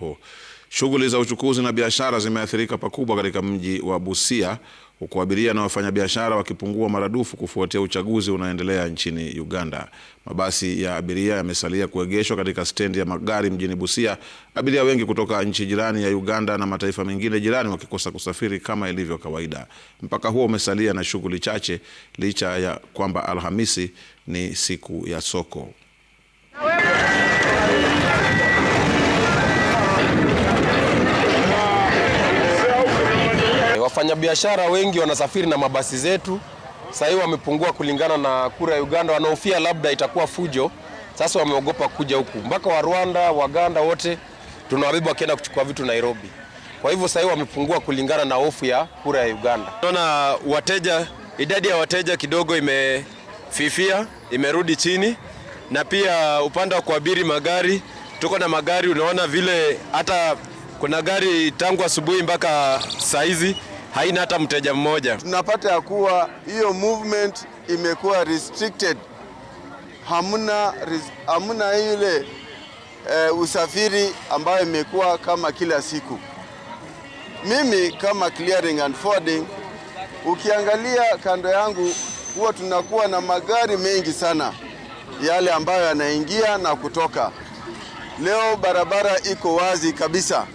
ambapo shughuli za uchukuzi na biashara zimeathirika pakubwa katika mji wa Busia, huku abiria na wafanyabiashara wakipungua maradufu kufuatia uchaguzi unaoendelea nchini Uganda. Mabasi ya abiria yamesalia kuegeshwa katika stendi ya magari mjini Busia, abiria wengi kutoka nchi jirani ya Uganda na mataifa mengine jirani wakikosa kusafiri kama ilivyo kawaida. Mpaka huo umesalia na shughuli chache licha ya kwamba Alhamisi ni siku ya soko. wafanyabiashara wengi wanasafiri na mabasi zetu, sasa hivi wamepungua kulingana na kura ya Uganda. wanaofia labda itakuwa fujo, sasa wameogopa kuja huku. Mpaka wa Rwanda, Waganda wote tunawabeba wakienda kuchukua vitu Nairobi. Kwa hivyo sasa hivi wamepungua kulingana na hofu ya kura ya Uganda. Tunaona wateja, idadi ya wateja kidogo imefifia, imerudi chini, na pia upande wa kuabiri magari tuko na magari, unaona vile hata kuna gari tangu asubuhi mpaka saa hizi haina hata mteja mmoja. Tunapata ya kuwa hiyo movement imekuwa restricted, hamna hamna ile e, usafiri ambayo imekuwa kama kila siku. Mimi kama clearing and forwarding, ukiangalia kando yangu huwa tunakuwa na magari mengi sana yale ambayo yanaingia na kutoka. Leo barabara iko wazi kabisa.